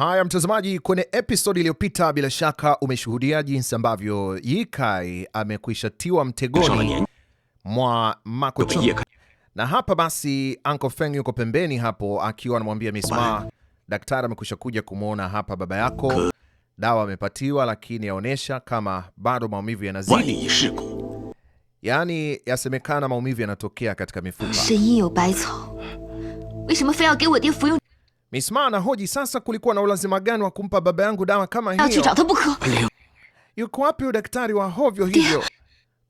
Haya mtazamaji, kwenye episodi iliyopita bila shaka umeshuhudia jinsi ambavyo Yikai amekwisha tiwa mtegoni mwa Mako na hapa basi Uncle Feng yuko pembeni hapo akiwa anamwambia Miss Ma, daktari amekwisha kuja kumwona hapa baba yako, dawa amepatiwa, lakini yaonyesha kama bado maumivu yanazidi, yaani yasemekana maumivu yanatokea katika mifupa Misma Ma anahoji sasa, kulikuwa na ulazima gani wa kumpa baba yangu dawa kama hiyo? Yuko wapi daktari wa hovyo hivyo?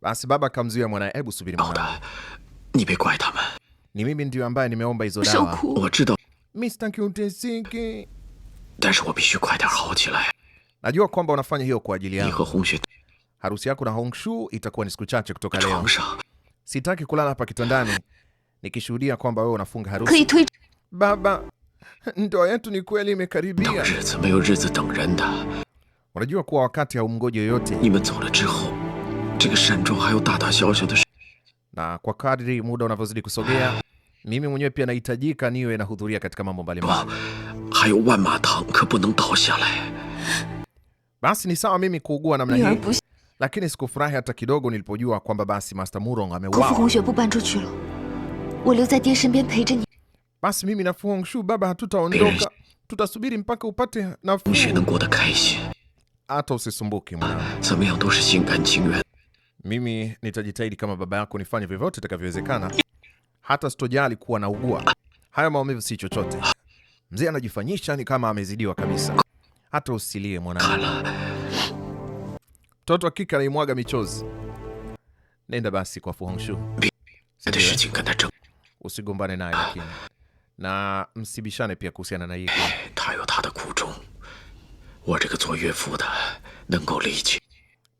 Basi baba akamzuia mwanae, hebu subiri mwanangu, ni mimi ndio ambaye nimeomba hizo dawa. Najua kwamba unafanya hiyo kwa ajili yangu. Harusi yako na Hongshu itakuwa ni siku chache kutoka leo. Sitaki kulala hapa kitandani nikishuhudia kwamba wewe unafunga harusi. Baba, ndoa yetu ni kweli imekaribia. Unajua kuwa wakati haumngoji yoyote, na kwa kadri muda unavyozidi kusogea, mimi mwenyewe pia nahitajika niwe nahudhuria katika mambo mbalimbali. Basi ni sawa mimi kuugua namna hii, lakini sikufurahi hata kidogo nilipojua kwamba basi Master Murong ameuawa. Basi mimi na Fu Hongxue baba, hatutaondoka, tutasubiri mpaka upate nafuu. Hata usisumbuke mwanangu, mimi nitajitahidi kama baba yako, nifanye vyovyote itakavyowezekana, hata sitojali kuwa naugua. Hayo maumivu si chochote. Mzee anajifanyisha ni kama amezidiwa kabisa. Hata usilie mwanangu. Mtoto wa kike anaimwaga michozi. Nenda basi kwa Fu Hongxue. Usigombane naye lakini na msibishane pia kuhusiana na hii. Eh,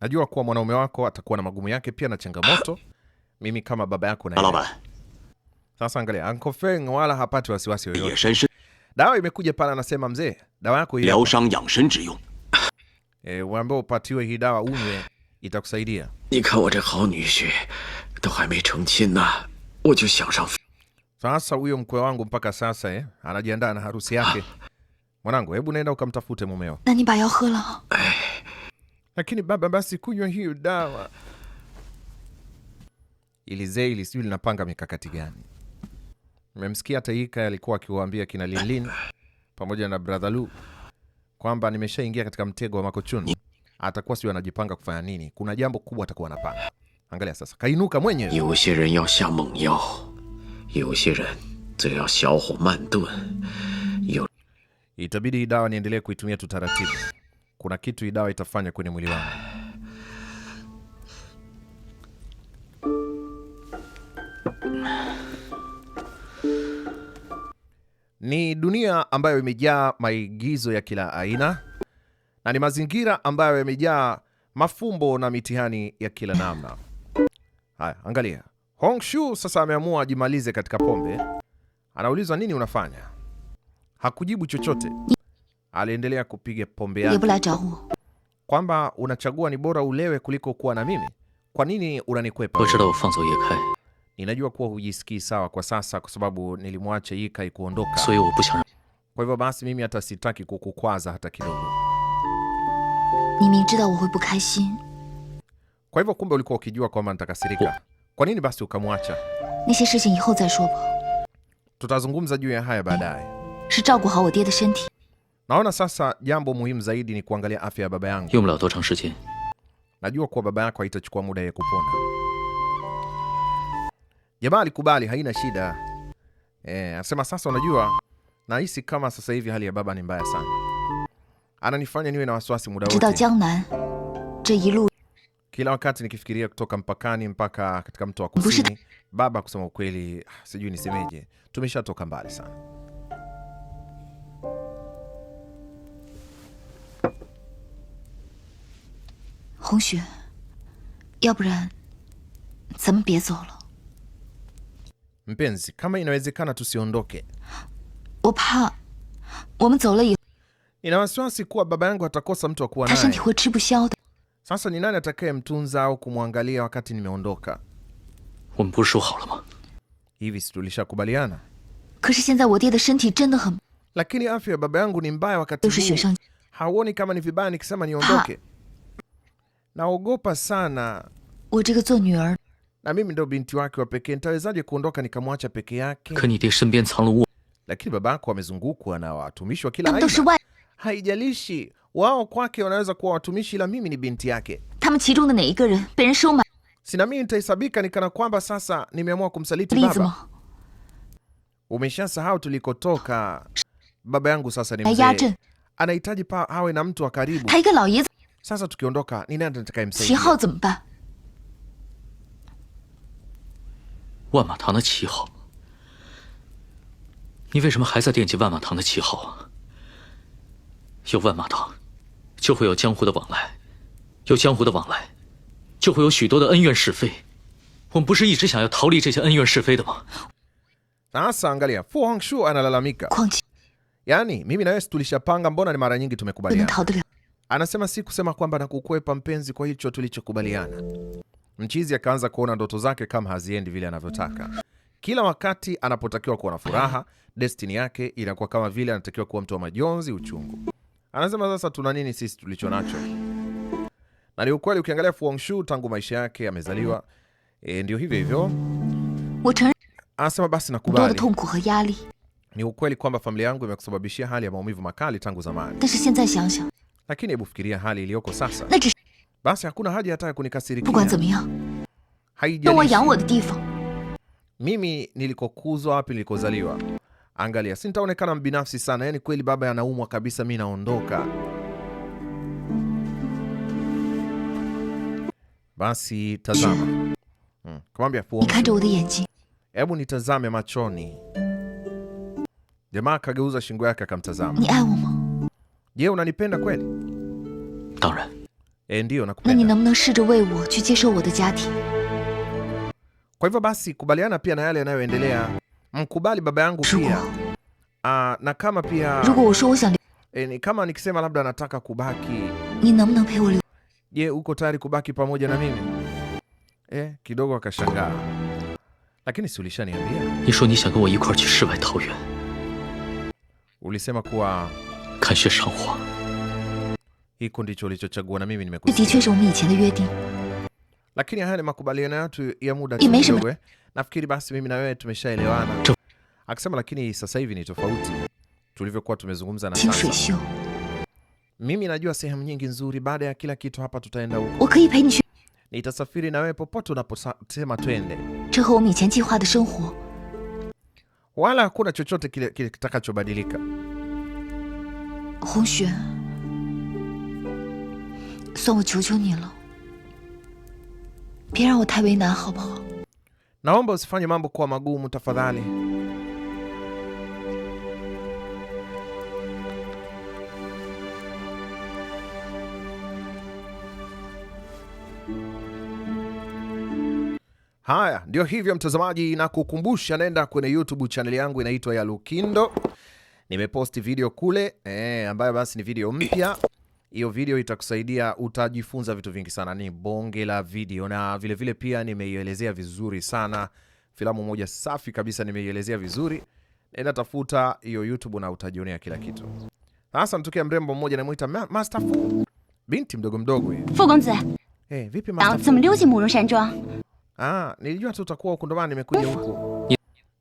Najua kuwa mwanaume wako atakuwa na magumu yake pia na changamoto. Mimi kama baba yako na sasa, angalia Uncle Feng wala hapati wasiwasi yoyote. Dawa imekuja pale, anasema mzee, dawa yako hii. e, waambie eh, upatiwe hii dawa unywe, itakusaidia. Sasa huyo mkwe wangu mpaka sasa eh, anajiandaa na harusi yake. Ah. Mwanangu, hebu nenda ukamtafute mumeo. Lakini baba, basi kunywa hiyo dawa. Ilizei ili sijui linapanga mikakati gani. Mmemsikia hata Ika alikuwa akiwaambia kina Linlin pamoja na brother Lu kwamba nimeshaingia katika mtego wa makochuni. Atakuwa sio anajipanga kufanya nini? Kuna jambo kubwa atakuwa anapanga. Angalia sasa, kainuka mwenyewe. 有些人只要小火慢炖，有 itabidi hii dawa niendelee kuitumia tu taratibu. Kuna kitu hii dawa itafanya kwenye mwili wangu. Ni dunia ambayo imejaa maigizo ya kila aina na ni mazingira ambayo yamejaa mafumbo na mitihani ya kila namna. Haya, angalia. Hongshu sasa ameamua ajimalize katika pombe. Anaulizwa nini unafanya? Hakujibu chochote. Aliendelea kupiga pombe yake. Kwamba unachagua ni bora ulewe kuliko kuwa na mimi. Kwa nini unanikwepa? Ninajua kuwa hujisikii sawa kwa sasa kwa sababu nilimwacha Ye Kai kuondoka. Kwa hivyo basi mimi hata sitaki kukukwaza hata kidogo. Kwa hivyo kumbe ulikuwa ukijua kwamba nitakasirika. Kwa nini basi ukamwacha? Tutazungumza juu ya haya baadaye. Naona sasa jambo muhimu zaidi ni kuangalia afya ya baba yangu. Najua kuwa baba yako haitachukua muda ya kupona. Jamaa alikubali, haina shida. Eh, anasema sasa, unajua nahisi kama sasa hivi hali ya baba ni mbaya sana, ananifanya niwe na wasiwasi muda wote. Kila wakati nikifikiria kutoka mpakani mpaka katika mto wa kusini, baba, kusema ukweli, sijui nisemeje, tumeshatoka mbali sana. Hongxue, yaburan bie Mpenzi, kama inawezekana tusiondoke. ina wasiwasi kuwa baba yangu atakosa mtu wa kuwa naye. Sasa ni nani atakaye mtunza au kumwangalia wakati nimeondoka? Hivi si tulishakubaliana? Lakini afya ya baba yangu ni mbaya wakati huu. Hauoni kama ni vibaya nikisema niondoke? Naogopa sana. Na mimi ndo binti wake wa pekee, nitawezaje kuondoka nikamwacha peke yake? Lakini baba yako amezungukwa na watumishi wa kila aina haijalishi wao kwake wanaweza kuwa watumishi, ila mimi ni binti yake. Si nami nitahesabika nikana kwamba sasa nimeamua kumsaliti baba. Umeshasahau tulikotoka. Baba yangu sasa ni mzee, anahitaji pa awe na mtu wa karibu. Sasa tukiondoka, ni nani atakayemsaidia? Wanma Tang de qihao. Ni wen hai zai dian Wanma Tang de qihao? 有万马堂，就会有江湖的往来；有江湖的往来，就会有许多的恩怨是非。我们不是一直想要逃离这些恩怨是非的吗? Sasa angalia, Fu Hongxue analalamika. Yaani, mimi na wewe tulishapanga, mbona ni mara nyingi tumekubaliana. Anasema si kusema kwamba nakukwepa mpenzi, kwa hicho tulichokubaliana. Mchizi akaanza kuona ndoto zake kama haziendi vile anavyotaka. Kila wakati anapotakiwa kuwa na furaha, yake inakuwa kama vile anatakiwa kuwa mtu wa majonzi, uchungu. Anasema sasa tuna nini sisi tulicho nacho? Na ni ukweli ukiangalia Fu Hongxue tangu maisha yake amezaliwa, e, ndio hivyo hivyo. Anasema basi nakubali. Ni ukweli kwamba familia yangu imekusababishia hali ya maumivu makali tangu zamani. Lakini hebu fikiria hali iliyoko sasa. Basi hakuna haja hata ya kunikasirikia. Haijalishi. Mimi nilikokuzwa wapi, nilikozaliwa Angalia, si nitaonekana mbinafsi sana, yani kweli baba anaumwa kabisa, mi naondoka. Basi tazama, hmm. Kamwambia hebu nitazame machoni. Jamaa akageuza shingo yake akamtazama. Je, unanipenda kweli? E, ndio nakupenda. Kwa hivyo basi kubaliana pia na yale yanayoendelea mkubali baba yangu pia uh, na kama pia e, ni kama nikisema labda nataka kubaki, je, uko tayari kubaki pamoja na mimi eh? Kidogo akashangaa, lakini si ulishaniambia ulisema kuwa hiko ndicho ulichochagua na mimi nimekusikia, lakini haya ni makubaliano yetu ya muda kidogo Nafikiri basi mimi na wewe tumeshaelewana. Akasema lakini sasa hivi ni tofauti tulivyokuwa tumezungumza na sasa. Mimi najua sehemu nyingi nzuri, baada ya kila kitu hapa tutaenda huko. Nitasafiri na wewe popote unaposema twende. Wala hakuna chochote kile kitakachobadilika. Hongxue, Naomba usifanye mambo kuwa magumu tafadhali. Haya, ndio hivyo mtazamaji, na kukumbusha, naenda kwenye YouTube channel yangu inaitwa ya Lukindo. Nimeposti video kule eh, ambayo basi ni video mpya hiyo video itakusaidia, utajifunza vitu vingi sana. Ni bonge la video na vilevile vile pia nimeielezea vizuri sana filamu moja safi kabisa, nimeielezea vizuri. Nenda tafuta hiyo YouTube na utajionea kila kitu. Sasa mtokea mrembo mmoja anamuita Master Fu, binti mdogo mdogo hivi. Fu Gongzi. Eh, vipi Master Fu? Ah, nilijua tu utakuwa huko, ndo maana nimekuja huko.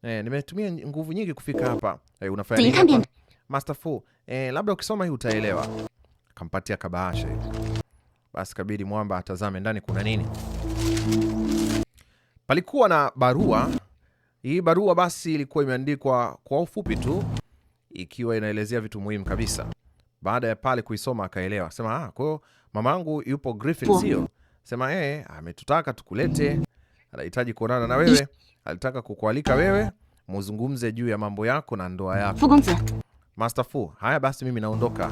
Eh, nimetumia nguvu nyingi kufika hapa. Eh, unafanya nini? Master Fu, eh, labda ukisoma hii utaelewa akampatia kabahasha hivi. Basi kabidi mwamba atazame ndani kuna nini. Palikuwa na barua. Hii barua basi ilikuwa imeandikwa kwa ufupi tu, ikiwa inaelezea vitu muhimu kabisa. Baada ya pale kuisoma akaelewa, sema ah, kwa hiyo yangu yupo Griffin, sio? Sema eh, ametutaka tukulete, anahitaji kuonana na wewe, alitaka kukualika wewe muzungumze juu ya mambo yako na ndoa yako. Master Fu, haya basi mimi naondoka.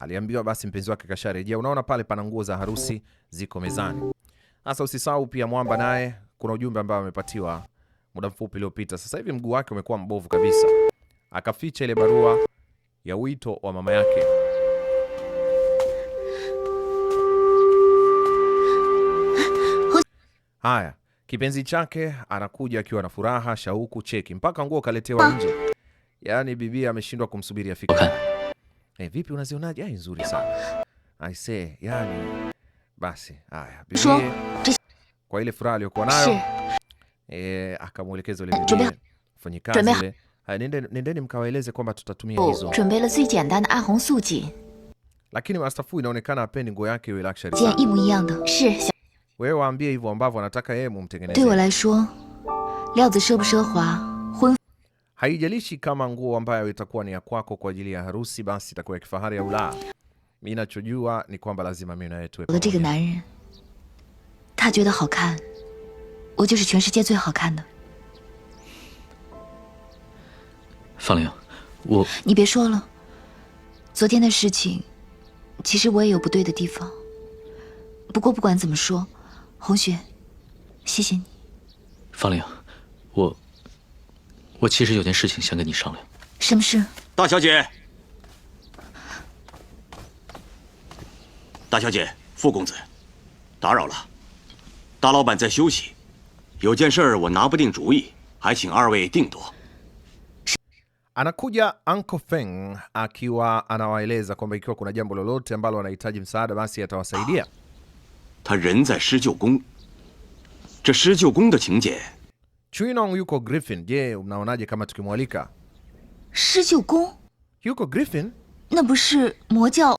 aliambiwa basi mpenzi wake kasharejea. Unaona pale pana nguo za harusi ziko mezani. Sasa usisahau pia Mwamba naye kuna ujumbe ambao amepatiwa muda mfupi uliopita. Sasa hivi mguu wake umekuwa mbovu kabisa, akaficha ile barua ya wito wa mama yake. Haya, kipenzi chake anakuja akiwa na furaha, shauku, cheki mpaka nguo kaletewa nje. Yaani bibi ameshindwa kumsubiri afike. Eh, vipi unazionaje? Ai, nzuri sana. I say, yani basi haya. Bibi kwa ile furaha aliyokuwa nayo eh, akamuelekeza yule bibi fanye kazi ile. Haya, nende nendeni mkawaeleze kwamba tutatumia oh. hizo. Lakini Master Fu inaonekana apendi nguo yake iwe luxury. Wewe waambie hivyo ambavyo anataka yeye mumtengenezee. Haydelishi kamangu wambaya utakuania kuwako kudilia Rusi bance takuwekfa haria uli. Mina chodiwa ni kwamba lazima miuna tuwe. 我的这个男人，他觉得好看，我就是全世界最好看的。方玲，我你别说了，昨天的事情，其实我也有不对的地方。不过不管怎么说，红雪，谢谢你。方玲，我。我其实有件事情想跟你商量，什么事？大小姐，大小姐，傅公子，打扰了。大老板在休息，有件事我拿不定主意，还请二位定夺。他人在施救宫，这施救宫的请柬。Chuinong yuko Griffin. Je, unaonaje kama tukimwalika? Shijiukong yuko Griffin? na bushi mojao.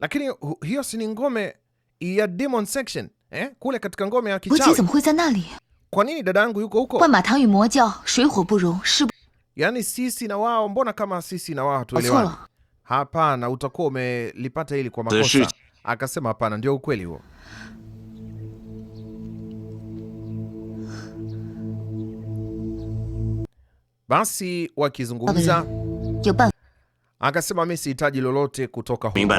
Lakini hiyo si ni ngome ya Demon Section eh? Kule katika ngome ya kichawi. zimekuwa za nani? Kwa nini dada yangu yuko huko? Kwa shui huo burung, shi. Yaani sisi na wao, mbona kama sisi na wao tuelewani? Hapana, utakuwa umelipata hili kwa makosa. Akasema hapana, ndio ukweli huo. Basi wakizungumza akasema mimi sihitaji lolote kutoka huko.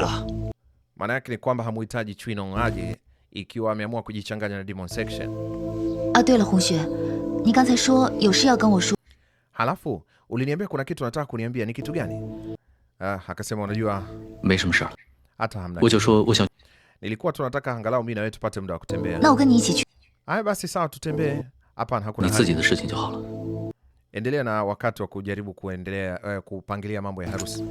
Maana yake ni kwamba hamuhitaji Chwinong aje ikiwa ameamua kujichanganya na Demon Section. Ah, Halafu uliniambia kuna kitu nataka kuniambia, ni kitu gani? Ah, akasema unajua hata hamna. Nilikuwa tunataka angalau mimi na wewe tupate muda wa kutembea. Haya basi sawa tutembee. Hapana, hakuna. Endelea na wakati wa kujaribu kuendelea uh, kupangilia mambo ya harusi.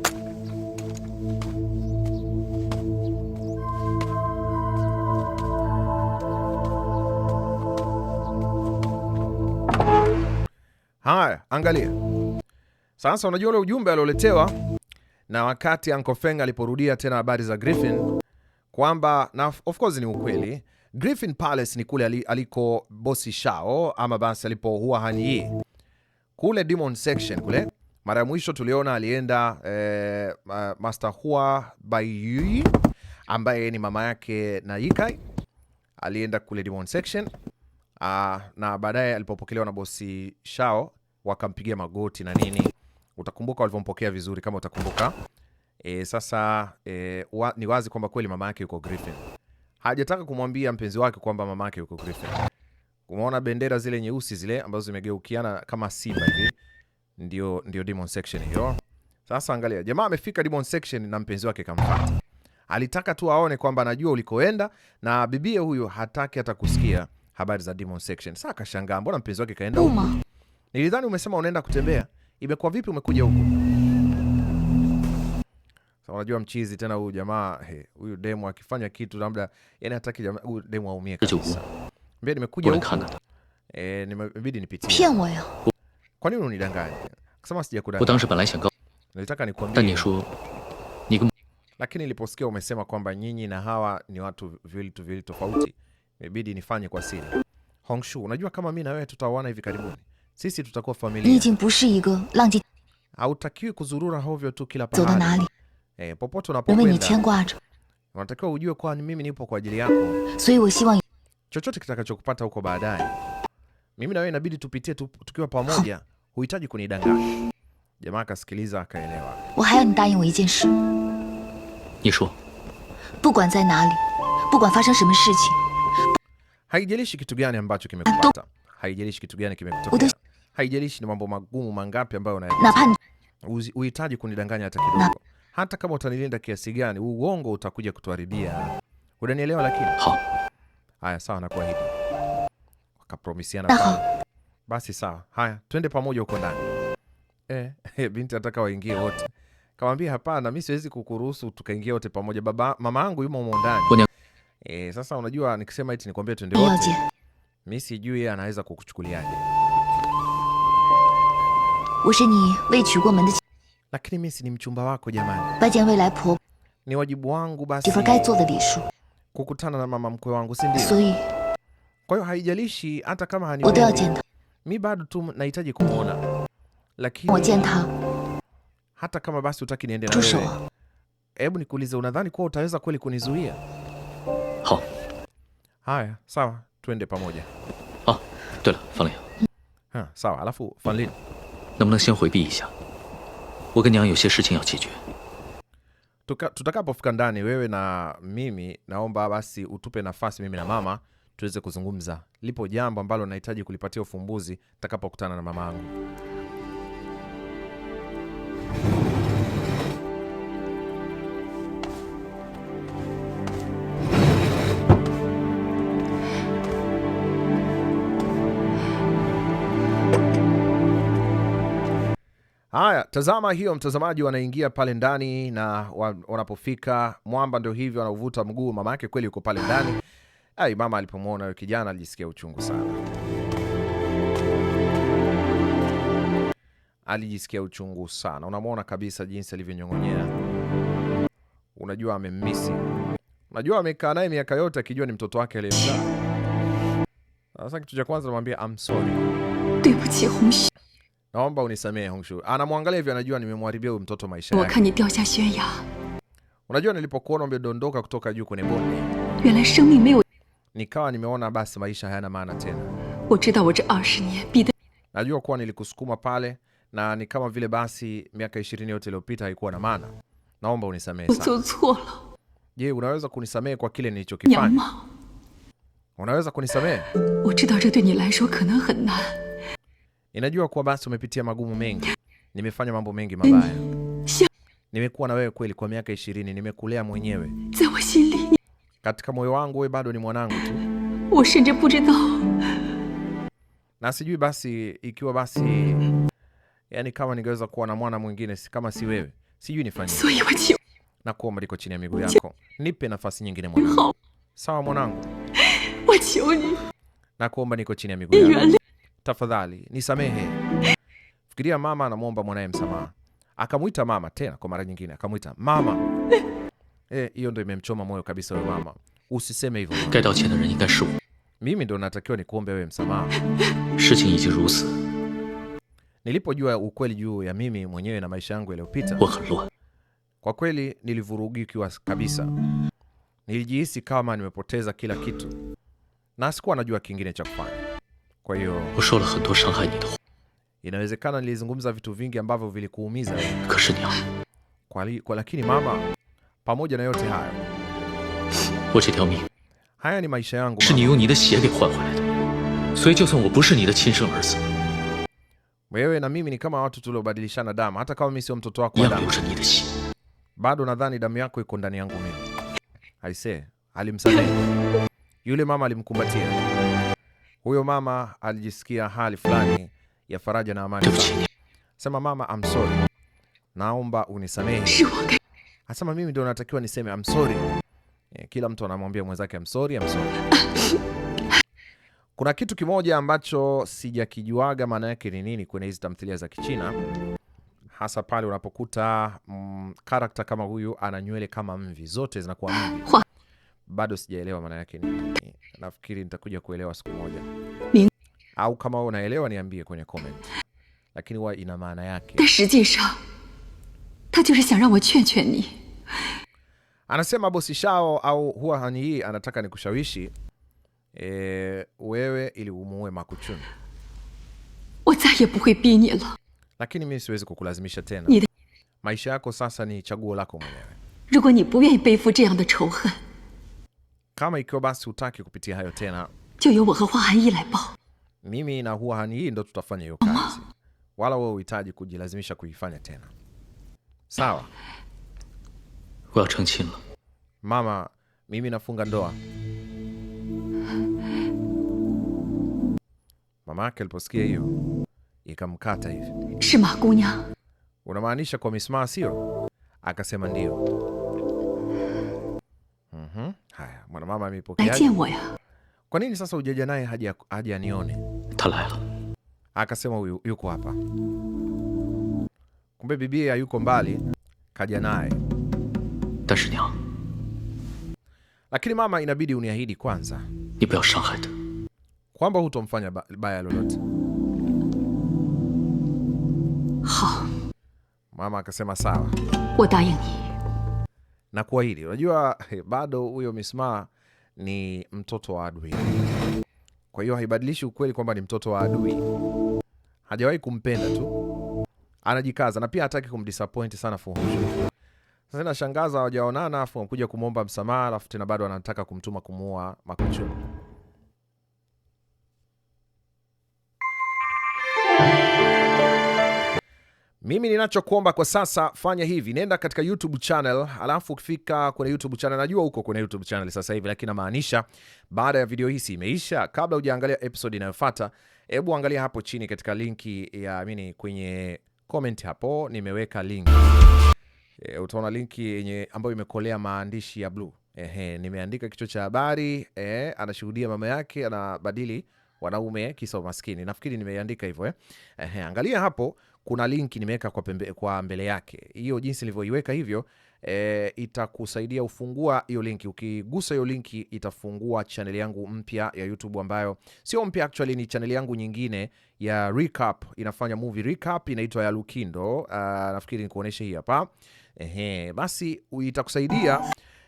Haya, angalia sasa, unajua ule ujumbe alioletewa na wakati Uncle Feng aliporudia tena habari za Griffin kwamba na of course ni ukweli. Griffin Palace ni kule aliko bosi Shao ama basi alipo hani hii kule Demon Section kule. Mara ya mwisho tuliona alienda eh, Master Hua Baiyui ambaye ni mama yake na Yikai, alienda kule Demon Section ah, na baadaye alipopokelewa na bosi Shao wakampigia magoti na nini. Utakumbuka walivyompokea vizuri kama utakumbuka. E, sasa e, wa, ni wazi kwamba kweli mama yake yuko Griffin. Hajataka kumwambia mpenzi wake kwamba mama yake yuko Griffin. Umeona bendera zile nyeusi zile ambazo zimegeukiana kama simba hivi, ndio ndio demon section hiyo. Sasa angalia, jamaa amefika demon section na mpenzi wake kamfuata. Alitaka tu aone kwamba anajua ulikoenda, na bibie huyu hataki hata kusikia habari za demon section. Sasa akashangaa, mbona mpenzi wake kaenda huko? Nilidhani umesema unaenda kutembea, imekuwa vipi umekuja huko? Sasa unajua mchizi tena huyu jamaa, huyu demo akifanya kitu labda, yani hataki jamaa huyu demo aumie kabisa. Mbona nimekuja huku? Eh, nimebidi nipitie. Kwa nini unanidanganya? Kusema sijakudanganya. Nilitaka nikuambie. Lakini niliposikia umesema kwamba nyinyi na hawa ni watu viwili tu viwili tofauti, imebidi nifanye kwa siri. Hongshu, unajua kama mimi na wewe tutaoana hivi karibuni. Sisi tutakuwa familia. Hautakiwi kuzurura hovyo tu kila pahali. Eh, popote unapokwenda. Unatakiwa ujue kwa mimi nipo kwa ajili yako chochote kitakachokupata huko baadaye, mimi na wewe inabidi tupitie tu, tukiwa pamoja. Huhitaji kunidanganya. Jamaa akasikiliza akaelewa. Haijalishi kitu gani ambacho kimekupata, haijalishi kitu gani kimekutokea, haijalishi ni mambo magumu mangapi ambayo unayapitia, huhitaji kunidanganya hata kidogo. Hata kama utanilinda kiasi gani, uongo utakuja kutuharibia. Unanielewa? Lakini Haya, sawa, nakuahidi. Wakapromisiana ah. pale. Basi sawa, haya twende pamoja huko ndani. Eh, binti anataka waingie wote. Kamwambia hapana, mimi siwezi kukuruhusu tukaingia wote pamoja. Baba, mama yangu yumo humo ndani. Eh, sasa unajua nikisema eti nikwambia twende wote. Mimi sijui anaweza kukuchukuliaje. Lakini mimi si ni mchumba wako jamani. Ni wajibu wangu basi kukutana na mama mkwe wangu, si ndio? Kwa hiyo haijalishi hata kama hani mi bado tu nahitaji kumwona, lakini hata kama basi utaki niende na wewe, hebu nikuulize, unadhani kuwa utaweza kweli kunizuia? Haya, sawa, tuende pamoja. Ha, sawa, alafu Fanlin, tutakapofika ndani, wewe na mimi, naomba basi utupe nafasi mimi na mama tuweze kuzungumza. Lipo jambo ambalo nahitaji kulipatia ufumbuzi takapokutana na mama angu. Haya, tazama hiyo mtazamaji, wanaingia pale ndani na wanapofika mwamba, ndio hivyo anauvuta mguu, mama yake kweli yuko pale ndani. Ai, mama alipomwona yule kijana alijisikia uchungu sana, alijisikia uchungu sana. Unamwona kabisa jinsi alivyonyong'onyea, unajua amemmisi, unajua amekaa naye miaka yote akijua ni mtoto wake aliyemzaa. Sasa kitu cha kwanza namwambia I'm sorry Naomba unisamehe Hongshu. Anamwangalia hivyo anajua nimemharibia huyu mtoto maisha yake. Unajua nilipokuona umedondoka kutoka juu kwenye bonde. Nikawa nimeona basi maisha hayana maana tena. Najua kuwa nilikusukuma pale na ni kama vile basi miaka 20 yote iliyopita haikuwa na maana. Naomba unisamehe sana. Je, unaweza kunisamehe kwa kile nilichokifanya? Unaweza kunisamehe? Ninajua kuwa basi umepitia magumu mengi, nimefanya mambo mengi mabaya, nimekuwa na wewe kweli kwa miaka ishirini, nimekulea mwenyewe katika moyo wangu, wewe bado ni mwanangu tu na sijui basi ikiwa basi, yani kama ningeweza kuwa na mwana mwingine kama si wewe, sijui nifanye. Nakuomba, liko chini ya miguu yako, nipe nafasi nyingine mwanangu. Sawa mwanangu, nakuomba, niko chini ya miguu yako tafadhali nisamehe. Fikiria mama anamwomba mwanaye msamaha, akamwita mama tena kwa mara nyingine, akamwita mama. Eh, hiyo ndo imemchoma moyo kabisa. Wewe mama, usiseme hivyo, mimi ndo natakiwa nikuombe wewe msamaha. Nilipojua ukweli juu ya mimi mwenyewe na maisha yangu yaliyopita, kwa kweli nilivurugikiwa kabisa. Nilijihisi kama nimepoteza kila kitu na sikuwa najua kingine cha kufanya. Kwa hiyo inawezekana nilizungumza vitu vingi ambavyo vilikuumiza, kwa, lakini mama, pamoja na yote haya, haya ni maisha yangu wewe na mimi ni kama watu tuliobadilishana damu. Hata kama mimi sio mtoto wako wa damu, bado nadhani damu yako iko ndani yangu mimi. Aise, alimsamehe yule mama, alimkumbatia. Huyo mama alijisikia hali fulani ya faraja na amani. Sema mama, I'm sorry, naomba unisamehe. Asema mimi ndio natakiwa niseme I'm sorry. Eh, kila mtu anamwambia mwenzake I'm sorry, I'm sorry. Kuna kitu kimoja ambacho sijakijuaga maana yake ni nini kwenye hizi tamthilia za Kichina, hasa pale unapokuta mm, karakta kama huyu ana nywele kama mvi, zote zinakuwa mvi bado sijaelewa maana yake nini. Nafikiri nitakuja kuelewa siku moja, au kama wewe unaelewa niambie kwenye comment, lakini huwa ina maana yake. Anasema bosi Shao au huwa hani hii anataka nikushawishi e, wewe ili umuue Ma Kongqun lakini mimi siwezi kukulazimisha tena. Maisha yako sasa ni chaguo lako mwenyewe. Kama ikiwa basi hutaki kupitia hayo tena, mimi na Hua Han Yi ndo tutafanya hiyo kazi, wala wewe uhitaji kujilazimisha kuifanya tena. Sawa mama, mimi nafunga ndoa. Mama yake aliposikia hiyo ikamkata hivi, unamaanisha kwa misimaa, sio? Akasema ndio. Mwanamama ameipokea. Kwa nini sasa ujaja naye haja anione? Akasema huyu yuko hapa. Kumbe bibie hayuko mbali, kaja naye. Lakini mama, inabidi uniahidi kwanza kwamba hutomfanya baya lolote. Mama akasema sawa na kuahidi. Unajua bado huyo misma ni mtoto wa adui, kwa hiyo haibadilishi ukweli kwamba ni mtoto wa adui. Hajawahi kumpenda tu, anajikaza na pia hataki kumdisappoint sana Fu Hongxue. Sasa inashangaza hawajaonana, afu amkuja kumwomba msamaha, alafu tena bado anataka kumtuma kumuua Ma Kongqun. Mimi ninachokuomba kwa sasa, fanya hivi, nenda katika YouTube channel, alafu ukifika kwenye YouTube channel, najua huko kwenye YouTube channel sasa hivi, lakini namaanisha baada ya video hii imeisha, kabla hujaangalia episode inayofuata, hebu angalia hapo chini katika linki ya amini, kwenye comment hapo nimeweka link e, utaona linki yenye ambayo imekolea maandishi ya blue. Ehe, nimeandika kichwa cha habari e, anashuhudia mama yake anabadili wanaume kisa umaskini, nafikiri nimeandika hivyo eh. Ehe, angalia hapo kuna linki nimeweka kwa, kwa mbele yake hiyo jinsi ilivyoiweka hivyo e, itakusaidia ufungua hiyo linki. Ukigusa hiyo linki itafungua chaneli yangu mpya ya YouTube ambayo sio mpya actually, ni chaneli yangu nyingine ya recap, inafanya movie recap, inaitwa ya Lukindo. Aa, ah, nafikiri nikuoneshe hii hapa ehe, basi itakusaidia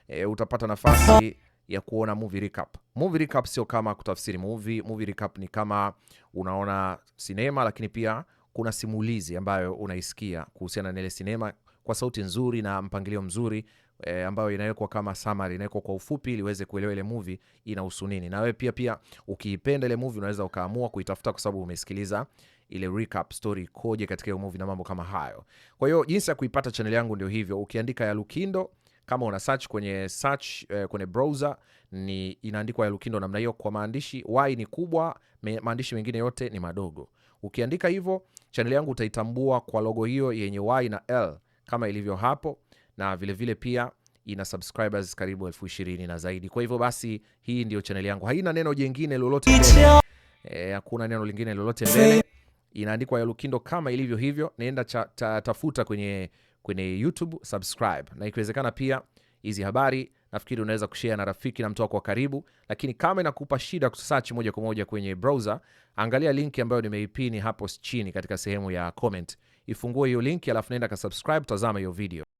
e, utapata nafasi ya kuona movie recap. Movie recap sio kama kutafsiri movie. Movie recap ni kama unaona sinema, lakini pia kuna simulizi ambayo unaisikia kuhusiana na ile sinema kwa sauti nzuri na mpangilio mzuri e, ambayo inawekwa kama summary, inawekwa kwa ufupi ili uweze kuelewa ile movie inahusu nini. Na wewe pia pia ukiipenda ile movie unaweza ukaamua kuitafuta kwa sababu umesikiliza ile recap story ikoje katika hiyo movie na mambo kama hayo. Kwa hiyo jinsi ya kuipata channel yangu ndio hivyo, ukiandika ya Lukindo kama una search kwenye search eh, kwenye browser ni inaandikwa ya Lukindo namna hiyo, kwa maandishi y ni kubwa, maandishi mengine yote ni madogo. Ukiandika hivyo chaneli yangu utaitambua kwa logo hiyo yenye Y na L kama ilivyo hapo, na vilevile vile pia ina subscribers karibu elfu ishirini na zaidi. Kwa hivyo basi, hii ndio chaneli yangu, haina neno jingine lolote mbele. E, hakuna neno lingine lolote mbele, inaandikwa ya Lukindo kama ilivyo hivyo. Naenda tafuta kwenye, kwenye YouTube subscribe, na ikiwezekana pia hizi habari nafikiri unaweza kushare na rafiki na mtu wako wa karibu, lakini kama inakupa shida kusearch moja kwa moja kwenye browser, angalia linki ambayo nimeipini hapo chini katika sehemu ya comment. Ifungue hiyo linki, alafu nenda ka subscribe, tazama hiyo video.